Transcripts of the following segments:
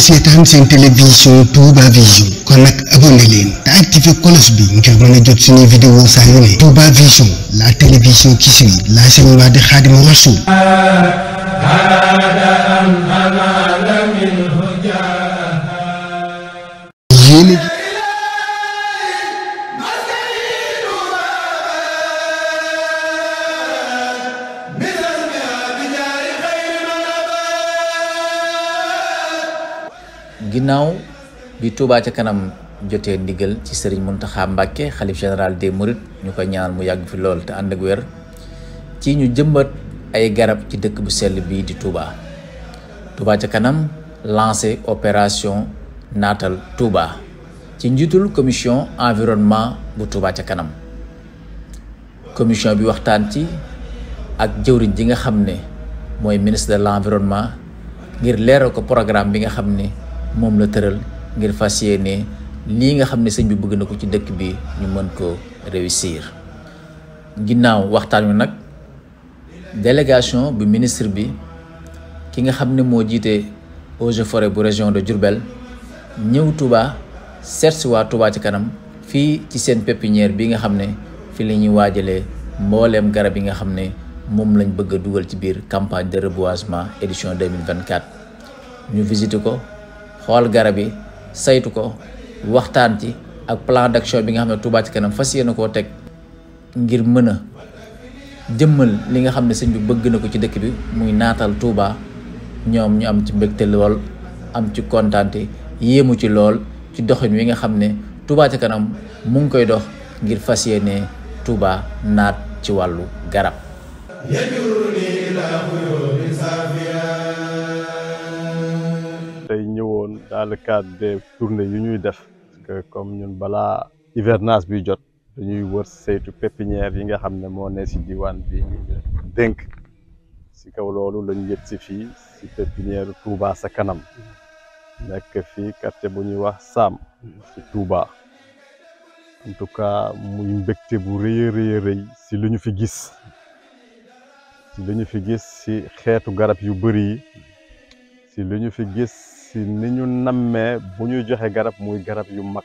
seetaan seen télévision Touba Vision kon nag abonné leen bi ngir mën a jot suñuy vidéo saa yu ne Touba Vision la télévision qui suit l'enseignement waadi Xaadimu Rasuul ginnaaw bi Touba ca kanam jotee ndigal ci sëriñ Mountakha Mbacké xalif général des Mourides ñu ko ñaanal mu yàgg fi lool te ànd ci ñu jëmbat ay garab ci dëkk bu sell bii di Touba Touba ca kanam lancé opération naatal Touba ci njiitul commission environnement bu Touba ca kanam commission bi waxtaan ci ak jëwriñ ji nga xam ne mooy ministre de l'environnement ngir leeral ko programme bi nga xam ne moom la tëral ngir fas yéene lii nga xam ne sëñ bi bëgg na ko ci dëkk bi ñu mën ko réussir ginnaaw waxtaan wi nag délégation bu ministre bi ki nga xam ne moo jiite eaux et forêts bu région de Diourbel ñëw Touba seet si waa Touba ci kanam fii ci seen pépinière bi nga xam ne fi la ñuy waajalee mbooleem garab yi nga xam ne moom lañ bëgg dugal ci biir campagne de reboisement édition 2024 ñu visité ko xool garab yi saytu ko waxtaan ci ak plan d'action bi nga xam ne Touba ci kanam fas yéene koo teg ngir mën a jëmmal li nga xam ne sëñ bi bëgg na ko ci dëkk bi muy naatal tuubaa ñoom ñu am ci mbégte lool am ci kontaante yéemu ci lool ci doxin wi nga xam ne Touba ci kanam mu ngi koy dox ngir fas yéene tuubaa naat ci wàllu garab dans le cadre des tournées yu ñuy def kom ñun balaa hivernage bi jot dañuy wër saytu pépinière yi nga xam ne moo ne si diwaan bi ñu dénk si kaw loolu lañ yët si fii si pépinière Touba sa kanam nekk fii quartier bu ñuy wax Sam si Touba en tout cas bu rëy a rëy si lu ñu fi gis si lu ñu fi gis si xeetu garab yu bari yi si lu ñu fi gis si ni ñu nammee bu ñuy joxe garab muy garab yu mag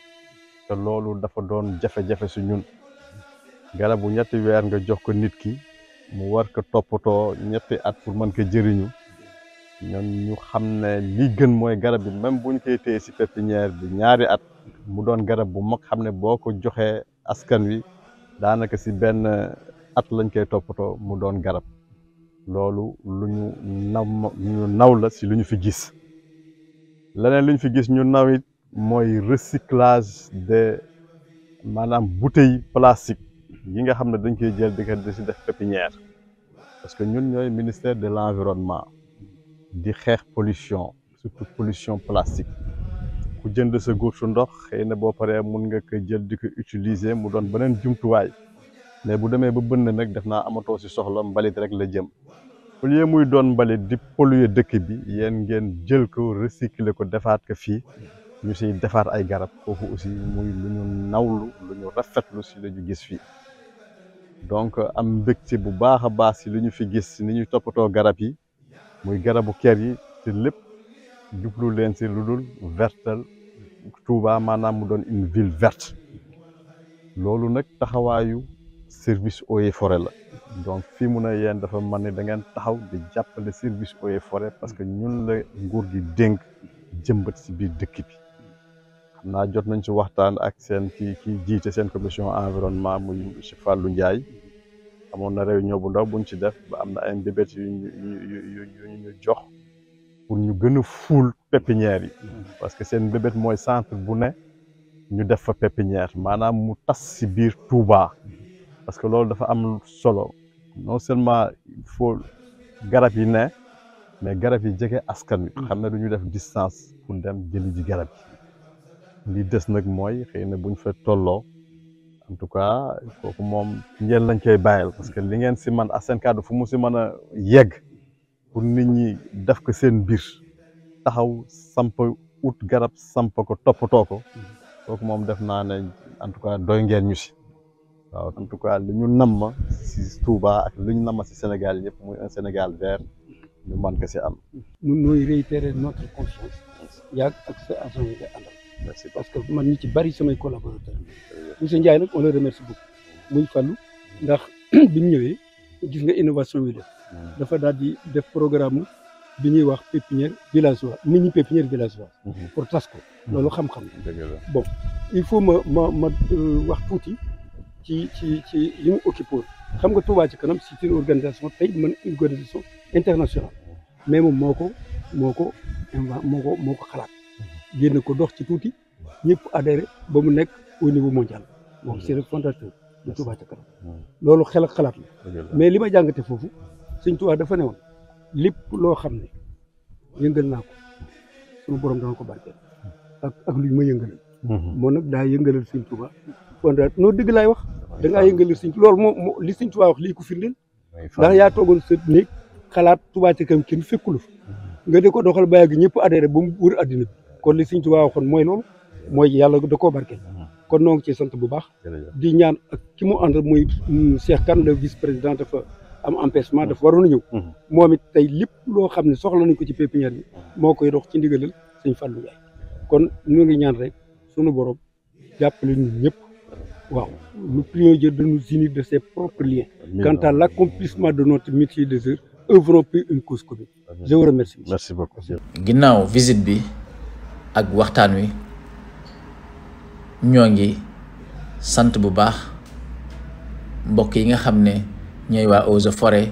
te loolu dafa doon jafe-jafe si ñun garab bu ñetti weer nga jox ko nit ki mu war ko toppatoo ñetti at pour mën ko jëriñu ñun ñu xam ne li gën mooy garab bi même bu ñu koy téye si pépinière bi ñaari at mu doon garab bu mag xam ne boo ko joxee askan wi daanaka si benn at lañ koy toppatoo mu doon garab loolu lu ñu naw la si lu ñu fi gis leneen lu ñu fi gis ñu naw mooy recyclage de maanaam bouteille plastique yi nga xam ne dañ koy jël di ko si def pépinière parce que ñun ñooy ministère de l'environnement di xeex pollution surtout pollution plastique ku jënd sa guutu ndox xëy na boo paree mun nga ko jël di ko utiliser mu doon beneen jumtuwaay mais bu demee ba na nag def naa amatoo si soxla mbalit rek la jëm au lieu muy doon mbalit di polluer dëkk bi yéen ngeen jël ko recycler ko defaat ko fii ñu siy defaat ay garab foofu aussi muy lu ñu nawlu lu ñu rafetlu si la ñu gis fii donc am mbégte bu baax a baax si lu ñu fi gis ni ñu toppatoo garab yi muy garabu kër yi si lépp jublu leen si lu dul vertal Touba maanaam mu doon une ville verte loolu nag taxawaayu service eaux et la donc fii mun a yéen dafa man ni da ngeen taxaw di jàppale service eaux et parce que ñun la nguur gi dénk jëmbët si biir dëkk bi xam naa jot nañ si waxtaan ak seen kii kii jiite seen commission environnement muy si Fallou Ndiaye amoon na réunion bu ndaw buñ ci def ba am na ay mbébét yu ñu yu ñu jox pour ñu gën a fuul pépinière yi parce que seen mbébét mooy centre bu ne ñu def fa pépinière maanaam mu tas si biir Touba. parce que loolu dafa am solo non seulement il garab yi ne mais garab yi jege askan wi. Mm. xam ne du ñu def distance pour dem jëli ji garab yi li des nag mooy xëy na bu fa tolloo en tout cas kooku moom njël lañ koy bàyyil parce que li ngeen si man a seen kàddu fu mu si mën a yegg pour nit ñi def ko seen biir taxaw samp ut garab samp ko toppatoo ko mm. kooku moom def naa ne en tout cas doy ngeen ñu si. waaw en tout cas li ñu namma si Touba ak li ñu namma si Sénégal yëpp muy un Sénégal vert ñu mën ko si am. ñun ñooy réitérer notre confiance. yaa parce que man ñu ci bari samay collaborateurs. monsieur Ndiaye nag on le remercie beaucoup. muy Fallou ndax bi mu ñëwee gis nga innovation bi def. Hmm. dafa daal di def programme bi ñuy wax pépinière villageoise nit ñi pépinière villageoise. Hmm. pour tas ko. Hmm. loolu xam-xam. bon il faut ma ma ma euh, wax tuuti. ci ci ci li mu occupé xam nga Touba ci kanam c'est une organisation tey mën une organisation internationale mais moom moo ko moo ko inva moo ko moo ko xalaat génn ko dox ci tuuti ñëpp adhéré ba mu nekk au niveau mondial moom c'est le fondateur de Touba ci kanam loolu xel ak xalaat la mais li ma jàngate foofu Sëñ Touba dafa ne woon lépp loo xam ne yëngal naa ko sunu borom dana ko barkeel ak ak luñ ma yëngalal. moo nag noo dëgg laay wax da ngaa yëngal li sëñ loolu moo li sëñ Tuubaa lii ko firndeel ndax yaa toogoon sa néeg xalaat Tuubaa ci kanam kenn fekkulu mm-hmm. nga de ko doxal ba yàgg ñëpp adhéré ba mu wër addina bi kon li sëñ Tuubaa waxoon mooy loolu mooy yàlla da koo barke mm-hmm. kon noo ngi ciy sant bu baax di ñaan ak ki mu ànd muy mm, Cheikh Kane le vice président dafa am empêchement dafa waroon a ñëw mm-hmm. moom it tey lépp loo xam ne soxla nañ ko ci pépinière bi moo koy dox ci ndigalal sëñ Fallou Ndiaye kon ñu ngi ñaan rek sunu borom jàppale ñun ñëpp Wow. Nous prions Dieu de nous unir de ses propres liens. Amen. Quant à l'accomplissement de notre métier de œuvre, œuvrons pour une cause commune. Je ginnaaw visite bi ak waxtaan wi ñoo ngi sant bu baax mbokk yi nga xam ne ñooy waa eaux fore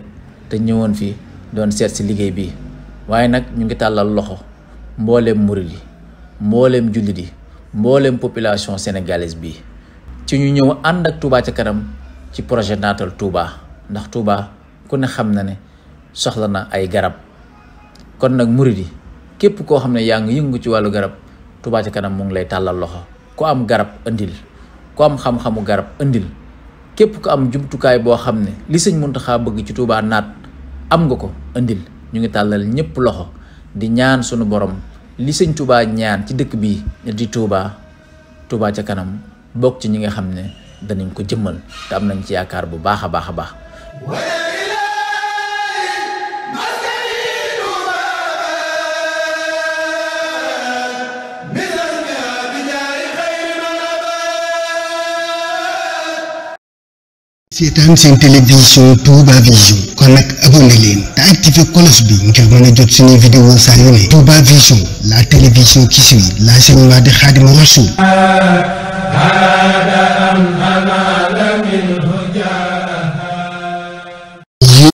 te ñëwoon fi doon seet si liggéey bi waaye nag ñu ngi tàllal loxo mbooleem murid yi mbooleem jullit yi mbooleem population sénégalaise bi ci ñu ñëw ànd ak Touba ca kanam ci projet naatal Touba ndax tuubaa ku ne xam na ne soxla na ay garab kon nag murid yi képp koo xam ne yaa ngi yëngu ci wàllu garab Touba ca kanam mu ngi lay tàllal loxo ku am garab indil ku am xam-xamu garab indil képp ku am jumtukaay boo xam ne li sëñ Muntaxa bëgg ci Touba naat am nga ko indil ñu ngi tàllal ñëpp loxo di ñaan sunu borom li sëñ Touba ñaan ci dëkk bii di Touba Touba ca kanam bokk ci ñi nga xam ne danañ ko jëmmal te nañ ci yaakaar bu baax a baax a baax seetaan seen télévision Touba Vision kon nag abonné leen te activé cloche bi ngir mën jot suñuy vidéo saa ne Touba Vision la télévision qui suit l'enseignement de Khadimou Rassoul هذا أم أمان